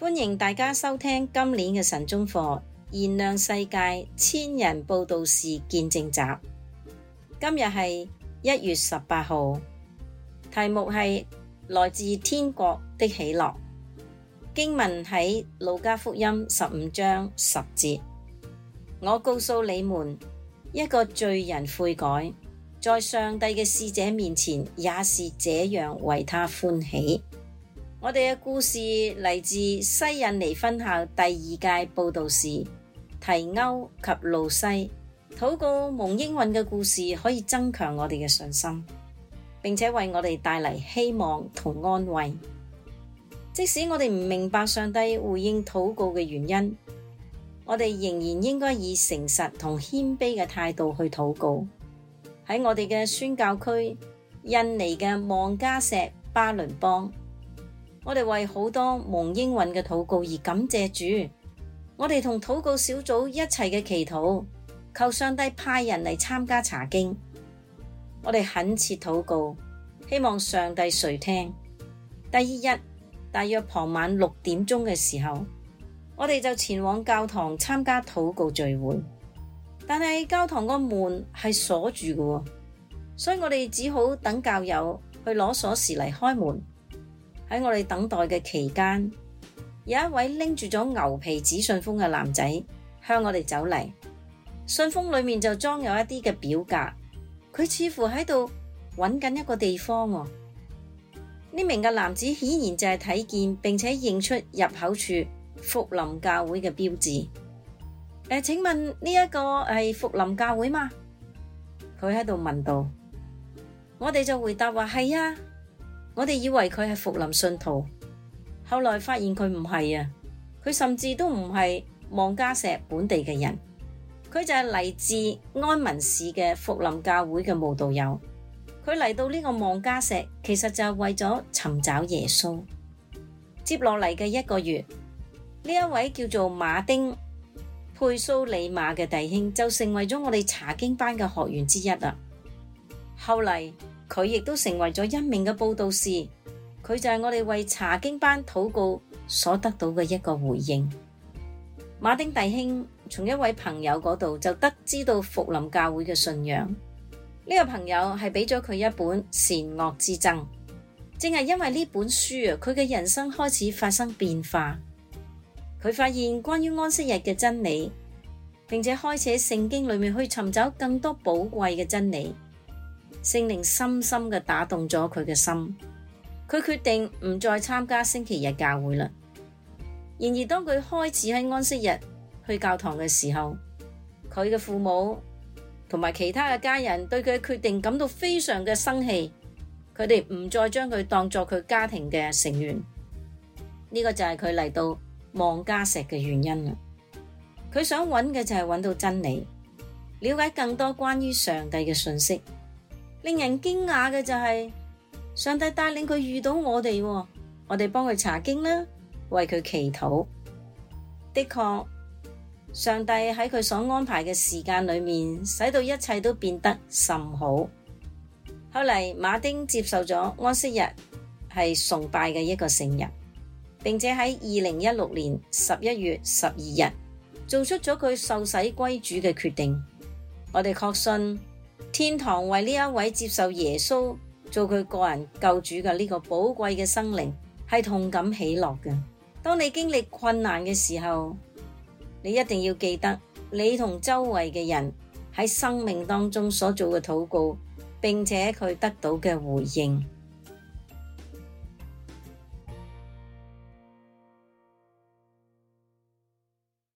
歡迎大家收聽今年嘅晨鐘課《燃亮世界千人佈道士見證集》。今日係一月十八號，題目係來自天國的喜樂。經文喺《路加福音》十五章十節：我告訴你們，一個罪人悔改，在上帝嘅使者面前，也是這樣為他歡喜。我哋嘅故事嚟自西印尼分校第二屆佈道士提歐及路西禱告蒙應允嘅故事，可以增強我哋嘅信心，並且為我哋帶嚟希望同安慰。即使我哋唔明白上帝回應禱告嘅原因，我哋仍然應該以誠實同謙卑嘅態度去禱告。喺我哋嘅宣教區印尼嘅望加錫巴倫邦。我哋為好多蒙應允嘅禱告而感謝主。我哋同禱告小組一齊嘅祈禱，求上帝派人嚟參加查經。我哋懇切禱告，希望上帝垂聽。第二日大約傍晚六點鐘嘅時候，我哋就前往教堂參加禱告聚會。但係教堂個門係鎖住嘅，所以我哋只好等教友去攞鎖匙嚟開門。喺我哋等待嘅期間，有一位拎住咗牛皮紙信封嘅男仔向我哋走嚟。信封裏面就裝有一啲嘅表格，佢似乎喺度揾緊一個地方喎。呢名嘅男子顯然就係睇見並且認出入口處福林教會嘅標誌。誒，請問呢一個係福林教會嗎？佢喺度問道。我哋就回答話係啊。我哋以為佢係福林信徒，後來發現佢唔係啊！佢甚至都唔係望加錫本地嘅人，佢就係嚟自安文市嘅福林教會嘅慕道友。佢嚟到呢個望加錫，其實就係為咗尋找耶穌。接落嚟嘅一個月，呢一位叫做馬丁佩蘇里馬嘅弟兄就成為咗我哋查經班嘅學員之一啦。後嚟。佢亦都成為咗一名嘅佈道士，佢就係我哋為查經班禱告所得到嘅一個回應。馬丁弟兄從一位朋友嗰度就得知到復臨教會嘅信仰，呢、呢個朋友係俾咗佢一本善惡之爭，正係因為呢本書啊，佢嘅人生開始發生變化。佢發現關於安息日嘅真理，並且開始喺聖經裏面去尋找更多寶貴嘅真理。聖靈深深嘅打動咗佢嘅心，佢決定唔再參加星期日教會啦。然而，當佢開始喺安息日去教堂嘅時候，佢嘅父母同埋其他嘅家人對佢嘅決定感到非常嘅生氣，佢哋唔再將佢當作佢家庭嘅成員。呢個就係佢嚟到望加錫嘅原因啦。佢想揾嘅就係揾到真理，了解更多關於上帝嘅信息。令人驚訝嘅就係，上帝帶領佢遇到我哋，我哋幫佢查經啦，為佢祈禱。的確，上帝喺佢所安排嘅時間裏面，使到一切都變得甚好。後嚟，馬丁接受咗安息日係崇拜嘅一個聖日，並且喺二零一六年十一月十二日，做出咗佢受洗歸主嘅決定。我哋確信。天堂為呢一位接受耶穌做佢個人救主嘅呢個寶貴嘅生靈，係同感喜樂嘅。當你經歷困難嘅時候，你一定要記得你同周圍嘅人喺生命當中所做嘅禱告，並且佢得到嘅回應。